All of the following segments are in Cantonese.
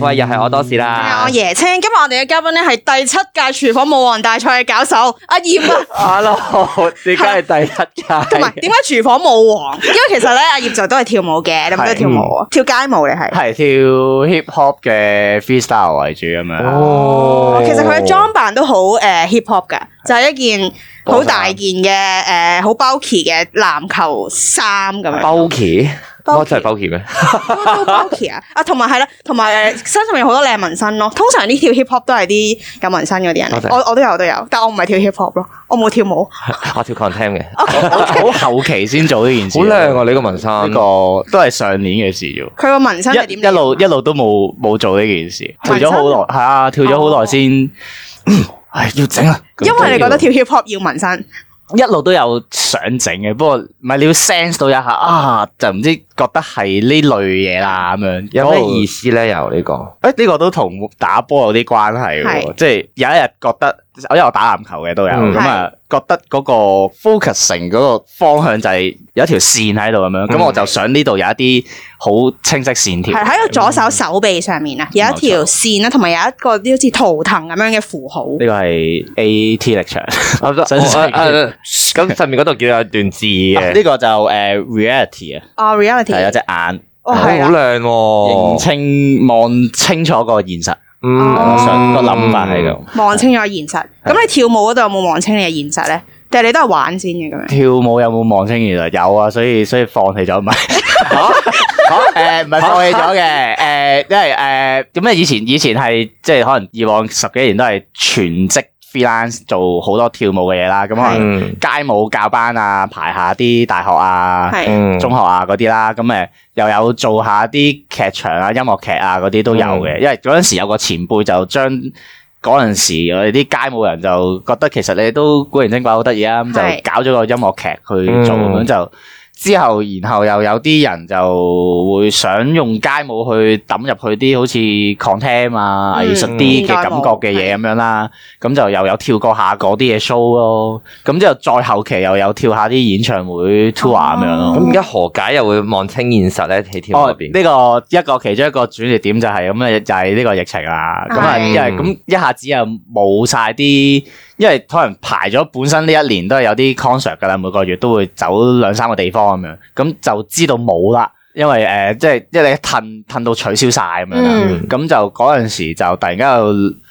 喂，又係我多士啦。我椰青，今日我哋嘅嘉賓咧係第七屆廚房舞王大賽嘅搞手阿業啊。Hello，點解係第七屆。同埋點解廚房舞王？因為其實咧阿業就都係跳舞嘅，點解跳舞啊？跳街舞嚟係。係跳 hip hop 嘅 freestyle 為主咁樣。哦，其實佢嘅裝扮都好誒 hip hop 㗎，就係一件好大件嘅誒好 bulky 嘅籃球衫咁樣。bulky。我真係僕僕咩？都僕僕啊！啊，同埋係啦，同埋誒身上面好多靚紋身咯。通常啲跳 hip hop 都係啲有紋身嗰啲人。我我都有都有，但我唔係跳 hip hop 咯，我冇跳舞。我跳 contem 嘅，好後期先做呢件事。好靚啊！你個紋身呢個都係上年嘅事啫。佢個紋身係點？一路一路都冇冇做呢件事，跳咗好耐，係啊，跳咗好耐先，唉，要整啊！因為你覺得跳 hip hop 要紋身，一路都有想整嘅，不過唔係你要 sense 到一下啊，就唔知。覺得係呢類嘢啦，咁樣有咩意思咧？又呢個誒呢個都同打波有啲關係喎，即係有一日覺得我因為我打籃球嘅都有咁啊，覺得嗰個 focus 成嗰個方向就係有一條線喺度咁樣，咁我就想呢度有一啲好清晰線條，係喺個左手手臂上面啊，有一條線啦，同埋有一個啲好似圖騰咁樣嘅符號。呢個係 AT 力場，咁上面嗰度叫做一段字嘅，呢個就誒 reality 啊，哦 reality。係有隻眼，好靚，清望清楚個現實，想個諗法喺度。望清楚現實，咁你跳舞嗰度有冇望清你嘅現實咧？定你都係玩先嘅咁樣？跳舞有冇望清現實？有啊，所以所以放棄咗唔係嚇嚇誒，唔係放棄咗嘅誒，因為誒點解，以前以前係即係可能以往十幾年都係全職。freelance 做好多跳舞嘅嘢啦，咁可能街舞教班啊，排下啲大學啊、的中學啊嗰啲啦，咁誒又有做下啲劇場啊、音樂劇啊嗰啲都有嘅，的因為嗰陣時有個前輩就將嗰陣的時我哋啲街舞人就覺得其實你都古靈精怪好得意啊，咁的就搞咗個音樂劇去做咁就。之後，然後又有啲人就會想用街舞去揼入去啲好似 concert 啊、藝術啲嘅感覺嘅嘢咁樣啦，咁、嗯、就又有跳過下嗰啲嘢 show 咯，咁之後再後期又有跳一下啲演唱會 tour 咁樣咯。咁而家何解又會望清現實咧？喺跳舞嗰邊呢個一個其中一個轉折點就係咁咧，就係、是、呢個疫情啦。咁啊是，因為咁一下子又冇晒啲。因為可能排咗本身呢一年都係有啲 concert 噶啦，每個月都會走兩三個地方咁樣，咁就知道冇啦。因為誒、呃，即係因為你一褪褪到取消晒咁樣啦，咁、嗯、就嗰陣時就突然間又～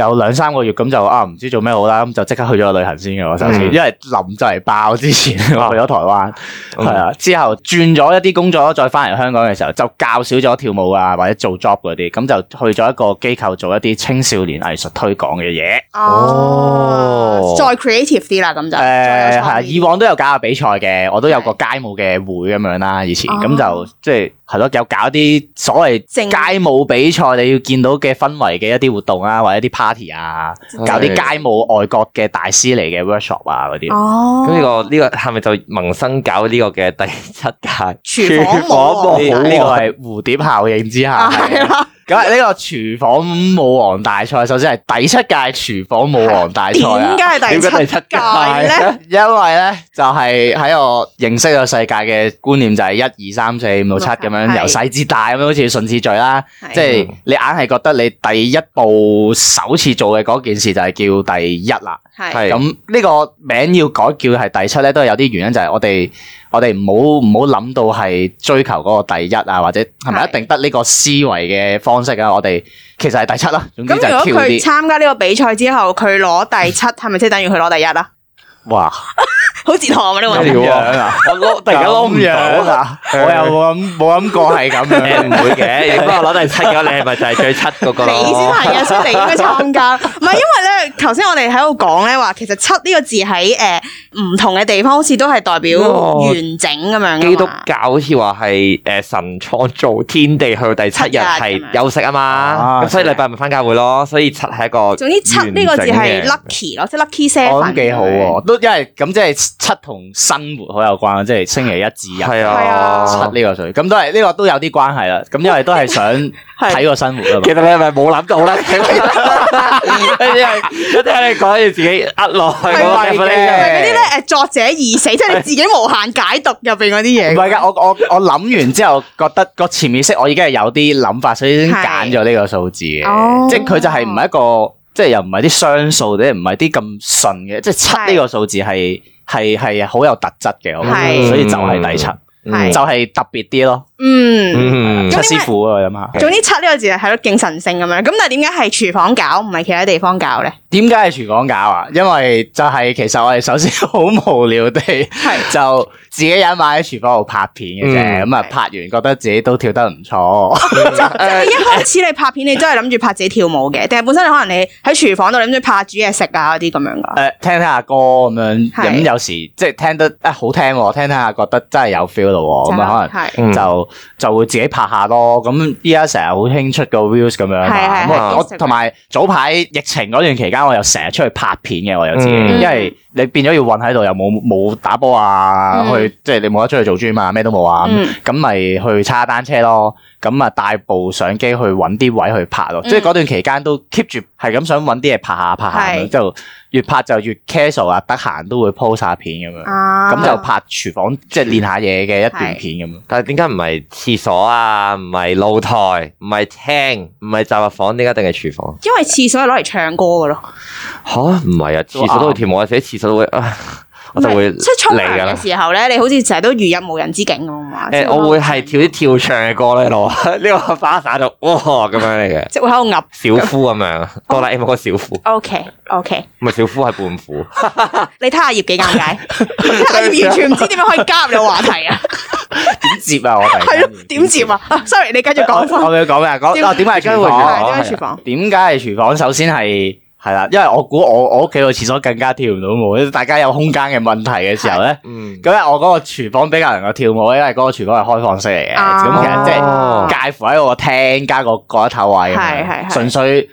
有兩三個月咁就啊唔知做咩好啦，咁就即刻去咗旅行先嘅我，首先，因為臨就嚟爆之前去咗台灣，係啊，之後轉咗一啲工作，再翻嚟香港嘅時候就較少咗跳舞啊，或者做 job 嗰啲，咁就去咗一個機構做一啲青少年藝術推廣嘅嘢，哦，再 creative 啲啦咁就，誒係啊，以往都有搞下比賽嘅，我都有個街舞嘅會咁樣啦，以前咁就即係係咯，有搞啲所謂街舞比賽你要見到嘅氛圍嘅一啲活動啊，或者啲拍 party 啊，搞啲街舞外國嘅大師嚟嘅 workshop 啊嗰啲，咁呢、oh. 呢個呢、呢個係咪就萌生搞呢個嘅第七屆？廚房舞，呢個係蝴蝶效應之下。 的 咁呢個廚房舞王大賽，首先係第七屆廚房舞王大賽啊？點解係第七屆咧？為屆 因為咧就係、是、喺我認識個世界嘅觀念就係一二三四五六七咁樣由細至大咁樣好似順次序啦。即係的你硬係覺得你第一步首次做嘅嗰件事就係叫第一啦。係咁呢個名要改叫係第七咧，都係有啲原因就係我哋。我哋唔好唔好諗到係追求嗰個第一啊，或者係咪一定得呢個思維嘅方式啊？是的 我哋其實係第七啦，總之就係跳啲。咁如果佢參加呢個比賽之後，佢攞第七，係咪即係等於佢攞第一啊？哇！ 好似我咁嘅樣啊！我我突然間咁樣，我又冇諗冇諗過係咁樣唔會嘅。如果我攞第七你咧，咪就係最七嗰個。你先係啊，所以你應該參加。唔係因為咧，頭先我哋喺度講咧話，其實七呢個字喺誒唔同嘅地方，好似都係代表完整咁樣。基督教好似話係誒神創造天地，去到第七日係休息啊嘛。咁所以禮拜咪翻教會咯。所以七係一個總之七呢個字係 lucky 咯，即係 lucky seven 幾好喎。都因為咁即係。七同生活好有關，即係星期一至日，係啊，七呢個數，咁都係呢、這個都有啲關係啦。咁因為都係想睇個生活啊嘛。 其實你係咪冇諗到啦？即係我聽你講完自己呃落去嗰個嗰啲咧，誒作者而死，即係是自己無限解讀入邊嗰啲嘢。唔係噶，我我我諗完之後，覺得個潛意識我已經係有啲諗法，所以先揀咗呢個數字嘅。是哦、即係佢就係唔係一個，即係又唔係啲雙數，或者唔係啲咁順嘅，即係七呢個數字係。是係係好有特質嘅，我覺得是所以就係底層，是就係特別啲咯。嗯，七師傅啊，我諗下，總之七呢個字係咯，勁神聖咁樣。咁但係點解係廚房搞唔係其他地方搞咧？點解係廚房搞啊？因為就係其實我哋首先好無聊地就自己一晚喺廚房度拍片嘅啫。咁啊拍完覺得自己都跳得唔錯。即係一開始你拍片，你都係諗住拍自己跳舞嘅，定係本身你可能你喺廚房度諗住拍煮嘢食啊嗰啲咁樣噶？誒，聽聽下歌咁樣，咁有時即係聽得啊好聽，聽聽下覺得真係有 feel 咯。咁啊可能就。就會自己拍下咯，咁依家成日好興出個 views 咁樣啊。咁我同埋的早排疫情嗰段期間，我又成日出去拍片嘅，我有知。因為你變咗要運喺度，又冇冇打波啊，嗯、去即係你冇得出去做 gym 嘛，咩都冇啊。咁咪、嗯、去叉單車咯。咁啊帶部相機去搵啲位去拍咯。嗯、即係嗰段期間都 keep 住係咁想搵啲嘢拍下拍下咁就。越拍就越 casual 啊！得閒都會 po 晒片咁樣，咁就拍廚房，即係練下嘢嘅一段片咁樣。是但係點解唔係廁所啊？唔係露台，唔係廳，唔係雜物房，點解一定係廚房？因為廁所攞嚟唱歌噶咯吓？唔係啊，啊！廁所都會跳舞啊，廁所都會啊。就會出出嚟嘅時候咧，你好似成日都如入無人之境咁啊嘛。誒，我會係跳啲跳唱嘅歌咧落，呢個花灑度，哇咁樣嚟嘅，即係會喺度噏小夫咁樣，哆啦 A 夢嗰個小夫 OK，OK，唔係小夫係胖虎。你睇下業幾尷尬，完全唔知點樣可以加入你話題啊？點接啊？我哋。係咯？點接啊？Sorry，你繼續講翻。我哋要講咩啊？講啊？點解係回廚房？點解係廚房？首先係。係啦，因為我估我我屋企個廁所更加跳唔到舞，大家有空間嘅問題嘅時候咧，咁、嗯、我嗰個廚房比較能夠跳舞，因為嗰個廚房係開放式嚟嘅，咁、啊、其實即係介乎喺個廳加個一頭位咁樣，純粹誒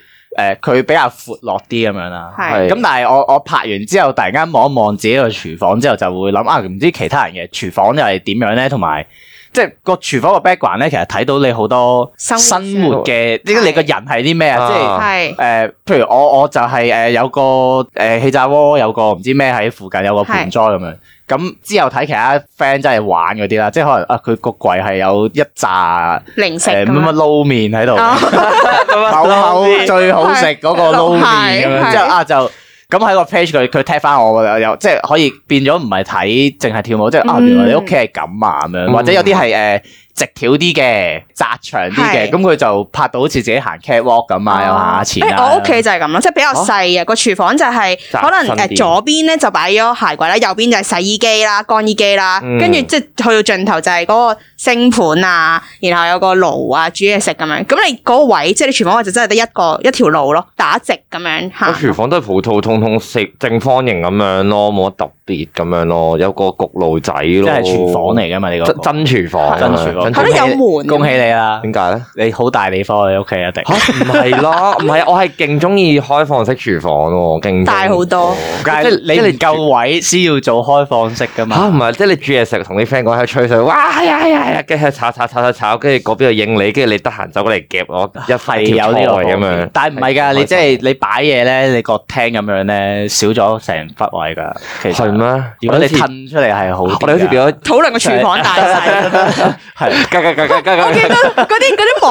佢、呃、比較闊落啲咁樣啦。咁是但係我我拍完之後突然間望一望自己個廚房之後，就會諗啊，唔知其他人嘅廚房又係點樣咧，同埋。即係、那個廚房個 background 咧，其實睇到你好多生活嘅，即係你個人係啲咩啊？即係是誒是、呃，譬如我我就係誒、呃，有個誒氣炸鍋，有個唔知咩喺附近，有個盆栽咁樣。咁是之後睇其他 friend 真係玩嗰啲啦，即係可能啊，佢個櫃係有一紮零食、呃，乜乜撈麵喺度， 口口最好食嗰個撈麵咁樣，即係啊就。就就就就咁喺個 page 佢佢 tag 返我，有即係可以變咗唔係睇淨係跳舞，即係啊原來你屋企係咁啊咁樣，或者有啲係誒直條啲嘅窄長啲嘅，咁佢就拍到好似自己行 catwalk 咁啊，有冇啊？誒，我屋企就係咁咯，即係比較細啊。個廚房就係可能誒左邊咧就擺咗鞋櫃啦，右邊就係洗衣機啦、乾衣機啦，跟住即係去到盡頭就係嗰個升盤啊，然後有個爐啊煮嘢食咁樣。咁你嗰個位即係你廚房位就真係得一個一條路咯，打直咁樣嚇。個廚房都係普普通通食，正方形咁樣咯，冇乜特別咁樣咯，有個焗爐仔咯。即係廚房嚟嘅嘛？呢個真真廚房。佢都有門。恭喜你啦！點解咧？你好大地方，你屋企一定嚇唔係咯？唔係，我係勁中意開放式廚房喎，勁大好多。即係你嚟夠位，先要做開放式噶嘛嚇？唔係，即係你煮嘢食，同啲 friend 講喺度吹水，哇係啊係啊係啊，跟住炒炒炒炒炒，跟住嗰邊度應你，跟住你得閒走過嚟夾我一塊菜咁樣。但係唔係㗎？你即係你擺嘢咧，你個廳咁樣咧少咗成忽位㗎。其實係咩？如果你騰出嚟係好，我哋好似變咗討論個廚房大細咁樣係。我嗰嗰啲嗰啲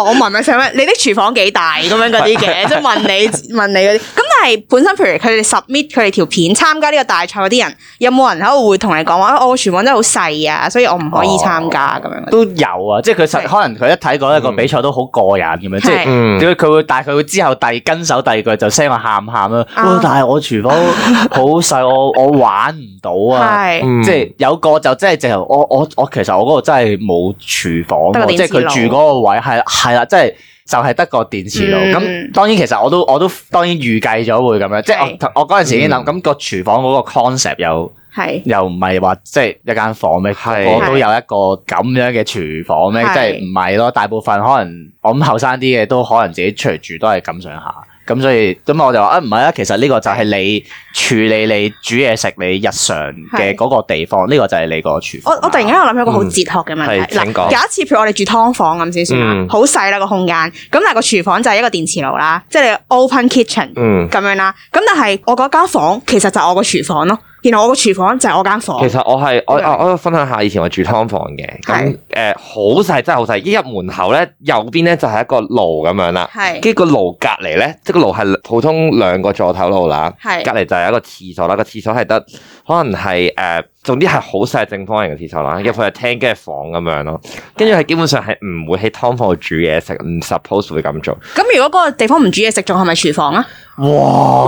網民咪想問，你啲廚房幾大咁樣嗰啲嘅，即係問你問你啲咁。即係本身，譬如佢哋 submit，佢哋條片，參加呢個大賽嗰啲人，有冇人喺度會同你講話？我廚房真係好細啊，所以我唔可以參加咁樣。都有啊，即係佢十可能佢一睇過一個比賽都好過癮咁樣，即係佢會但係佢會之後第跟手第二句就聲話喊喊咯。但係我廚房好細，我我玩唔到啊。即係有個就真係就我我我其實我嗰個真係冇廚房，即係佢住嗰個位係係啦，即係。就係得個電磁爐咁、嗯、當然其實我都我都當然預計咗會咁樣，是即係我陣時已經諗，咁、嗯、個廚房個 concept 又係是又唔係話即係一間房咩？係是我都有一個咁樣嘅廚房咩？是即係唔係咯？大部分可能我咁後生啲嘅都可能自己出嚟住都係咁上下。咁所以咁我就話啊唔係啊，其實呢個就係你處理你煮嘢食你，你日常嘅嗰個地方，呢是個就係你個廚房、啊。我我突然間我諗起一個好哲學嘅問題，嗯、假設譬如我哋住劏房咁先算啦，好細啦個空間，咁但係個廚房就係一個電磁爐啦，即、就、係、是、open kitchen 咁、嗯、樣啦，咁但係我嗰間房間其實就係我個廚房咯、啊。然後我個廚房就係我間房。其實我係 Okay. 我我分享下以前我住劏房嘅，咁誒好細真係好細，一入門口咧，右邊咧就係一個爐咁樣啦，跟住是，呢個爐隔籬咧，即係個爐係普通兩個座頭爐啦，隔籬是就係一個廁所啦，個廁所係得可能係誒。呃總之係好晒正方形嘅廁所啦，入去係廳跟住房咁樣咯，跟住係基本上係唔會喺湯房度煮嘢食，唔 suppose 會咁做。咁如果嗰個地方唔煮嘢食，仲係咪廚房啊？哇！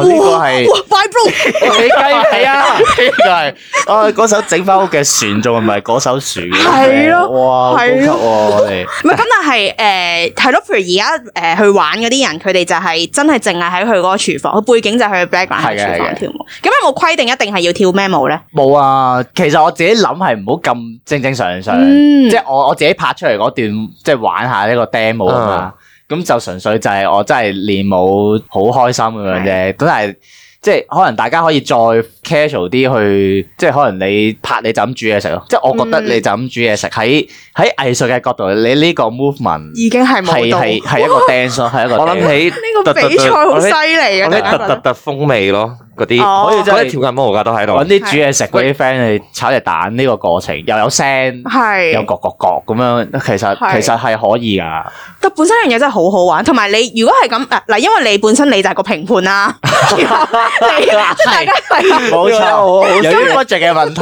呢個係哇，快 boom！係啊，呢個係啊，嗰首整翻屋嘅船，仲係咪嗰首船？係咯，哇，好急咁但係誒係咯，譬如而家誒去玩嗰啲人，佢哋就係真係淨係喺佢嗰個廚房，佢背景就係 background 跳舞。咁有冇規定一定係要跳咩舞咧？冇啊。其實我自己諗係唔好咁正正常常，嗯、即係我我自己拍出嚟嗰段，即係玩下呢個 demo 啊、嗯。咁就純粹就係我真係練舞好開心咁樣啫。咁係、嗯、即係可能大家可以再 casual 啲去，即係可能你拍你，你就咁煮嘢食咯。即係、嗯、我覺得你就咁煮嘢食喺喺藝術嘅角度，你呢個 movement 已經係係係係一個 dance，咯哇，係一個 dance，我諗起呢個比賽好犀利啊！特特特風味咯～嗰啲可以跳緊舞噶都喺度，搵啲煮嘢食嗰啲 friend 嚟炒隻蛋，呢個過程又有聲，係有焗焗焗咁樣，其實其實係可以噶。但本身樣嘢真係好好玩，同埋你如果係咁誒嗱，因為你本身你就係個評判啦，大家睇下。冇錯，有啲 object 嘅問題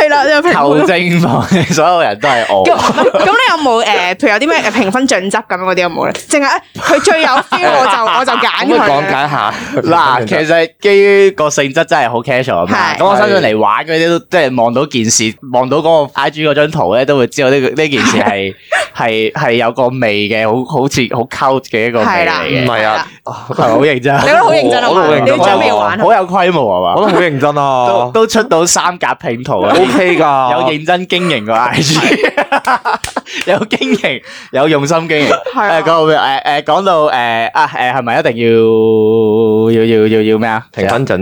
係啦，求證下，所有人都係我。咁你有冇誒，譬如有啲咩評分準則咁樣嗰啲有冇咧？淨係佢最有 feel，我就我就揀佢。講解下嗱，其實基。個性質真係好 casual 啊嘛，咁我身上嚟玩嗰啲都即係望到件事，望到嗰個 IG 嗰張圖咧，都會知道呢個呢件事係係係有個味嘅，好好似好 cut 嘅一個味嚟嘅，唔係啊，係咪好認真，你覺得好認真啊嘛？認真玩，好有規模啊嘛？我覺得好認真啊，都出到三格拼圖啊，OK 噶，有認真經營個 IG，有經營，有用心經營。誒，講到誒誒，講到誒啊誒，係咪一定要要要要要咩啊？停一陣。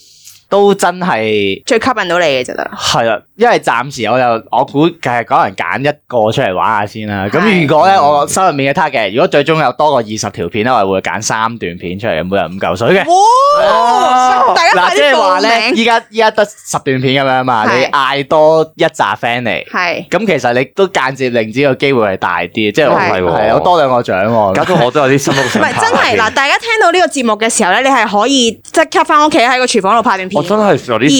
都真係最吸引到你嘅啫啦。係啊，因為暫時我又我估係講人揀一個出嚟玩下先啦。咁如果咧我心入面嘅 target，如果最終有多過二十條片咧，我係會揀三段片出嚟嘅，每人五嚿水嘅。哇！大家快啲報名。嗱，即係話咧，依家依家得十段片咁樣啊嘛，你嗌多一扎 friend 嚟，咁其實你都間接令自己嘅機會係大啲，即係我係係啊，我多兩個獎喎。搞到我都有啲心碌碌。唔係真係，嗱，大家聽到呢個節目嘅時候咧，你係可以即刻翻屋企喺個廚房度拍段片。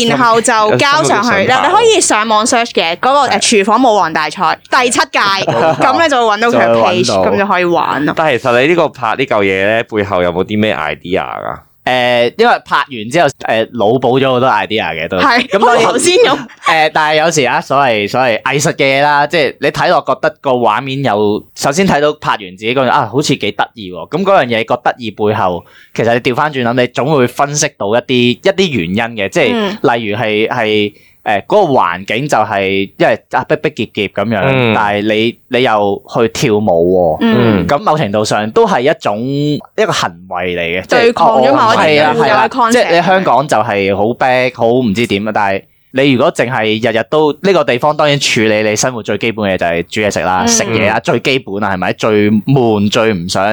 然後就交上去， 你可以上網 search 嘅嗰個廚、呃、房舞王大賽第七屆，咁你 會就揾到佢嘅 page，咁 就可以玩咯。 但係其實你呢個拍呢嚿嘢呢，背後有冇啲咩 idea 噶？誒、呃，因為拍完之後，誒、呃，腦補咗是 然好多 idea 嘅都係。咁我頭先咁，誒，但係有時啊，所謂所謂藝術嘅嘢啦，即係你睇落覺得個畫面有，首先睇到拍完自己嗰樣啊，好似幾得意。咁嗰樣嘢個得意背後，其實你調翻轉諗，你總會分析到一啲一啲原因嘅，即係、嗯、例如係係。誒嗰個環境就係因為啊逼逼結結咁樣，但係你你又去跳舞喎，咁某程度上都係一種一個行為嚟嘅，對抗咗某啲嘢。係啦，即係你香港就係好逼，好唔知點啊！但係你如果淨係日日都呢個地方，當然處理你生活最基本嘅就係煮嘢食啦、食嘢啦，最基本啦，係咪最悶、最唔想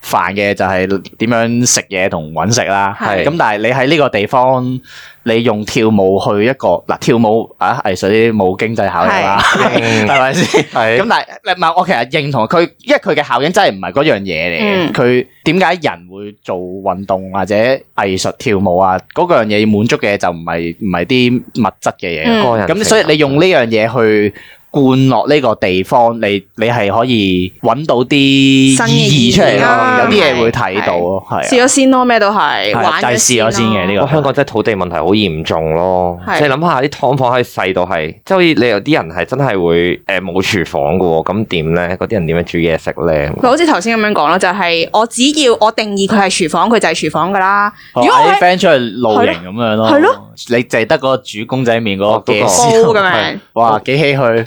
煩嘅就係點樣食嘢同揾食啦？係咁，但係你喺呢個地方。你用跳舞去一個嗱、啊、跳舞啊藝術冇經濟效益啦，係咪先？係咁， 是但係唔係我其實認同佢，因為佢嘅效應真係唔係嗰樣嘢嚟嘅。佢點解人會做運動或者藝術跳舞啊？嗰樣嘢要滿足嘅就唔係唔係啲物質嘅嘢。咁、嗯、所以你用呢樣嘢去。灌落呢個地方，你你係可以揾到啲新意出嚟咯，有啲嘢會睇到咯，係。試咗先咯，咩都係，玩就試咗先嘅呢個。香港真係土地問題好嚴重咯，你諗下啲劏房喺細到係，即係好似你有啲人係真係會誒冇廚房嘅，咁點咧？嗰啲人點樣煮嘢食咧？好似頭先咁樣講咯，就係我只要我定義佢係廚房，佢就係廚房噶啦。如果啲 friend 出去露營咁樣咯，係咯，你淨係得個煮公仔麵嗰個煲咁樣，哇，幾唏噓。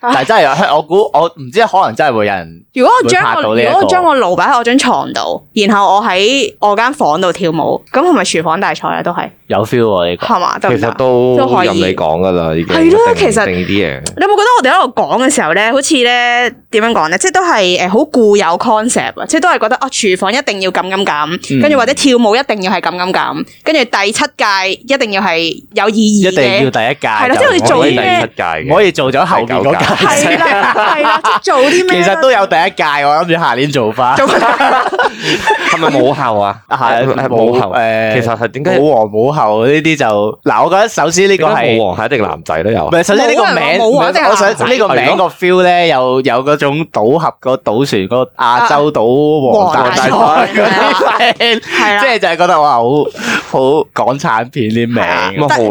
但係真係話，我估我唔知，可能真係會有人。如果我將我如果我將個爐擺喺我張床度，然後我喺我間房度跳舞，咁係咪廚房大賽啊？都係有 feel 啊？你講係嘛？其實都可以你講噶啦，已經係啦。其實啲嘢，你有冇覺得我哋喺度講嘅時候咧，好似咧點樣講咧？即係都係誒，好固有 concept 啊！即係都係覺得啊，廚房一定要咁咁咁，跟住或者跳舞一定要係咁咁咁，跟住第七屆一定要係有意義嘅，一定要第一屆係啦。即係我做第七屆，我可以做咗後。幾多屆？係啦，係啦，做啲咩？其實都有第一屆，我諗住下年做返。做乜？係咪舞后啊？係係舞后。誒，其實係點解舞王舞后呢啲就？嗱，我覺得首先呢個係舞王係一定男仔都有。唔係，首先呢個名，我想呢個名個 feel 咧，有有嗰種賭俠個賭船個亞洲賭王大賽，係啦，即係就係覺得話好。好港產片啲名，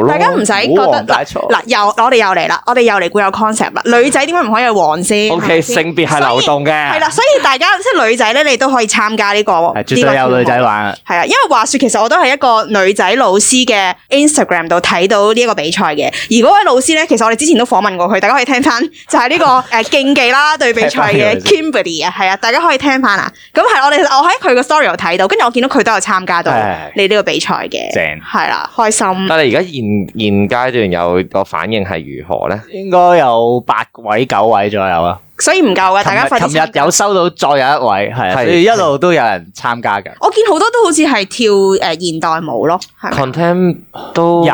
大家唔使覺得嗱，又我哋又嚟啦，我哋又嚟故有 concept 啦。女仔點解唔可以黃先？O K，性別係流動嘅。係啦，所以大家即係女仔咧，你都可以參加呢個。絕對有女仔玩。係啊，因為話說其實我都係一個女仔老師嘅 Instagram 度睇到呢一個比賽嘅。而嗰位老師咧，其實我哋之前都訪問過佢，大家可以聽翻就係呢個誒競技啦對比賽嘅 Kimberly 啊，係啊，大家可以聽翻啊。咁係我哋我喺佢個 story 度睇到，跟住我見到佢都有參加到你呢個比賽。正，係啦，開心。但係而家現現階段有個反應係如何咧？應該有八位九位左右啦，所以唔夠嘅。大家發，琴日有收到再有一位，係所以一路都有人參加嘅。我見好多都好似係跳誒現代舞咯，contem 都有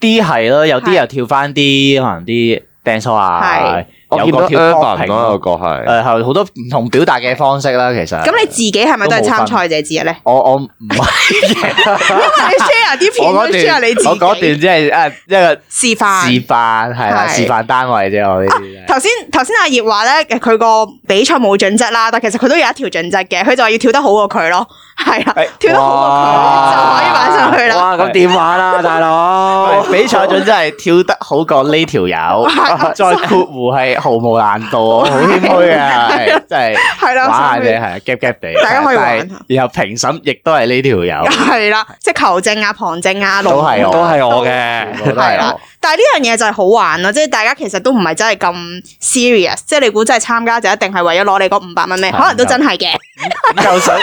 啲係咯，有啲又跳翻啲可能啲 dance 啊，係。有個跳坡平咯，個個係誒係好多唔同表達嘅方式啦，其實。咁你自己係咪都係參賽者之一咧？我我唔係，因為你 share 啲片 share 你。我嗰段即係誒一個示範示範，係啦，示範單位啫。我呢，頭先頭先阿業話咧，佢個比賽冇準則啦，但其實佢都有一條準則嘅。佢就話要跳得好過佢咯，係啦，跳得好過佢就可以擺上去啦。哇！咁點玩啦，大佬，比賽準則係跳得好過呢條友，再括弧係。毫無難度，好謙虛啊，真係玩下啫，係夾夾地，大家可以玩。然後評審亦都係呢條友，係啦，即係求證啊、旁證啊，都係我，都係我嘅，係啦。但係呢樣嘢就係好玩咯，即係大家其實都唔係真係咁 serious，即係你估真係參加就一定係為咗攞你嗰五百蚊咩？可能都真係嘅。五嚿水，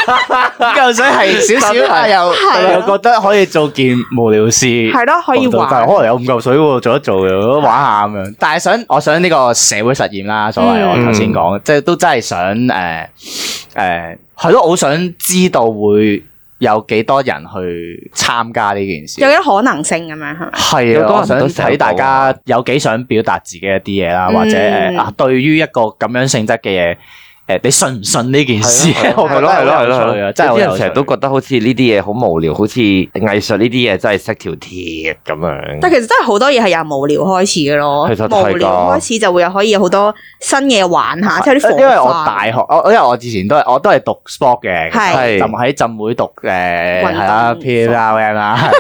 五嚿水係少少，係又係又覺得可以做件無聊事，係咯，可以玩。就可能有五嚿水喎，做一做又玩下咁樣。但係想，我想呢個社會。會實驗啦，所謂我頭先講，嗯、即係都真係想誒誒，係、呃、咯、呃，我好想知道會有幾多人去參加呢件事，有啲可能性咁樣係咪？係啊，多人都我想睇大家有幾想表達自己一啲嘢啦，或者、嗯、啊，對於一個咁樣性質嘅嘢。誒，你信唔信呢件事咧？係咯係咯係咯係咯！即係我成日都覺得好似呢啲嘢好無聊，好似藝術呢啲嘢真係識條鐵咁樣。但其實真係好多嘢係由無聊開始嘅咯，無聊開始就會又可以有好多新嘢玩下，即係啲防因為我大學，我因為我之前都係我都係讀 sport 嘅，係浸喺浸會讀誒，係啦，Piano 啊，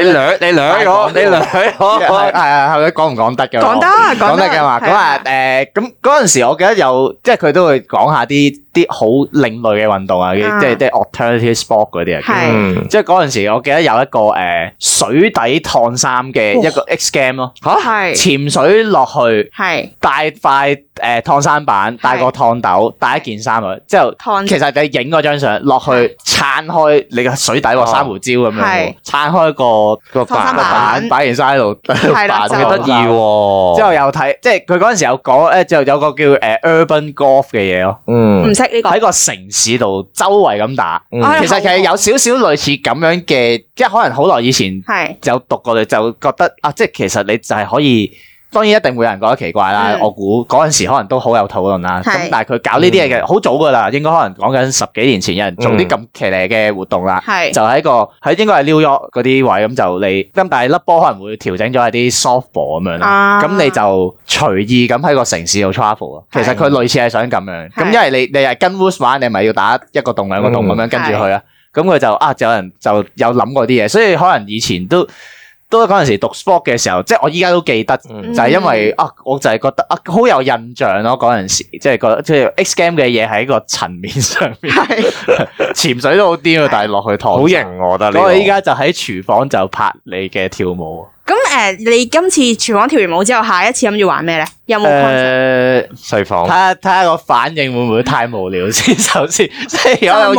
你兩你兩個你兩個係係咪講唔講得嘅？講得講得嘅話嗰日誒咁嗰陣時，我記得有即係佢都會。講下啲啲好另類嘅運動啊，即係即係 alternative sport 嗰啲啊，即係嗰陣時我記得有一個誒水底燙衫嘅一個 X game 咯，吓，潛水落去，係帶塊誒燙衫板，帶個燙斗，帶一件衫啊，之後其實你影嗰張相落去撐開你個水底個珊瑚礁咁樣，撐開個個板，擺件衫喺度，係啦，就得意喎，之後又睇，即係佢嗰陣時有講誒，之後有個叫誒 urban golf 嘅嘢咯。嗯，唔識呢個喺個城市度周圍咁打，嗯、其實其實有少少類似咁樣嘅，即係可能好耐以前有讀過，你就覺得是啊，即係其實你就係可以。當然一定會有人覺得奇怪啦，我估嗰陣時可能都好有討論啦。咁但係佢搞呢啲嘢嘅，好早噶啦，應該可能講緊十幾年前有人做啲咁騎呢嘅活動啦。係就喺個喺應該係紐約嗰啲位咁就你咁，但係粒波可能會調整咗一啲 softball 咁樣啦。咁你就隨意咁喺個城市度 travel。其實佢類似係想咁樣。咁因為你你係跟 Woods 玩，你咪要打一個洞兩個洞咁樣跟住去啊。咁佢就啊，就有人就有諗過啲嘢，所以可能以前都。都嗰陣時讀 sport 嘅時候，即係我依家都記得，嗯、就係因為啊，我就係覺得啊，好有印象咯、啊。嗰陣時即係覺得即係 X game 嘅嘢喺一個層面上面，潛 水都好啲啊！但係落去台好型我覺得你，你。所以依家就喺廚房就拍你嘅跳舞。 咁誒、嗯，你今次廚房跳完舞之後，下一次諗住玩咩咧？有冇？誒、呃，睡房，睇下睇下個反應會唔會太無聊先？ 首先，即係有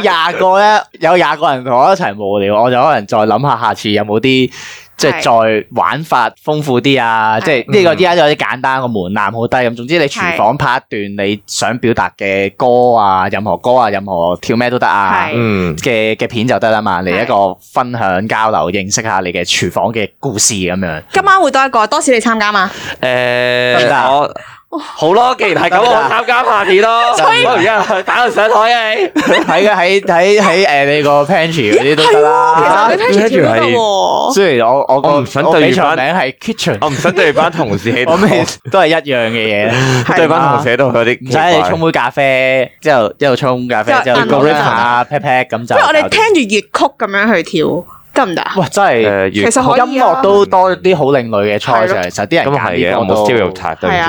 廿 個咧，有廿個人同我一齊無聊，我就可能再諗下下次有冇啲。即係再玩法豐富啲啊！是即係呢個而家有啲簡單，個門檻好低咁。總之你廚房拍一段你想表達嘅歌啊，是任何歌啊，任何跳咩都得啊，嘅嘅是片就得啦嘛。嚟一個分享交流，認識下你嘅廚房嘅故事咁樣。今晚會多一個，多謝你參加嘛。誒、欸， 我。好咯，既然係咁，我參加下先咯。而家打到上台嘅，喺喺喺喺誒你個 pantry 嗰啲都得啦。呢一條係，雖然我我我唔想對翻，我個場名係 kitchen，我唔想對班同事。我未都係一樣嘅嘢，對班同事都嗰啲。唔使你沖杯咖啡，之後之後沖咖啡，之後高拎下 pat pat 咁就。不如我哋聽住粵曲咁樣去跳得唔得？哇，真係誒，其實音樂都多啲好另類嘅 choice。其實啲人介意啊，我冇 stereo 塔對唔住。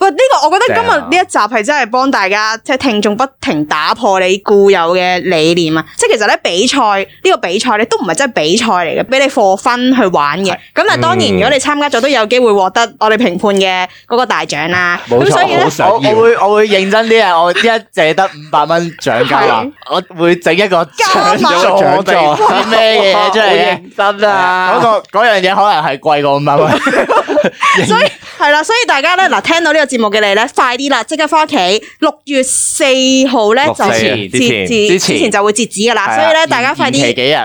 喂，呢個我覺得今日呢一集係真係幫大家即係聽眾不停打破你固有嘅理念啊！即係其實咧比賽呢個比賽咧都唔係真係比賽嚟嘅，俾你 for fun 去玩嘅。咁啊，當然如果你參加咗都有機會獲得我哋評判嘅嗰個大獎啦。咁所以咧我會我會認真啲啊！我一借得五百蚊獎金啊！我會整一個獎座，獎座做啲咩嘢出嚟？認真啊！嗰個嗰樣嘢可能係貴過五百蚊。所以係啦，所以大家咧嗱，聽到呢個。節目嘅你咧，快啲啦，即刻翻屋企。六月四號咧就截，之前之前就會截止噶啦。所以咧，大家快啲，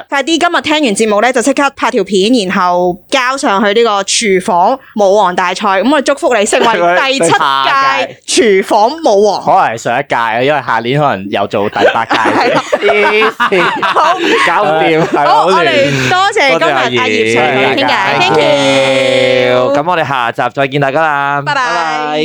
快啲。今日聽完節目咧，就即刻拍條片，然後交上去呢個廚房舞王大賽。咁我祝福你成為第七屆廚房舞王。可能係上一屆，因為下年可能又做第八屆。搞唔掂，我哋多謝今日阿業翔嘅傾偈。Thank you。咁我哋下集再見大家啦。拜拜。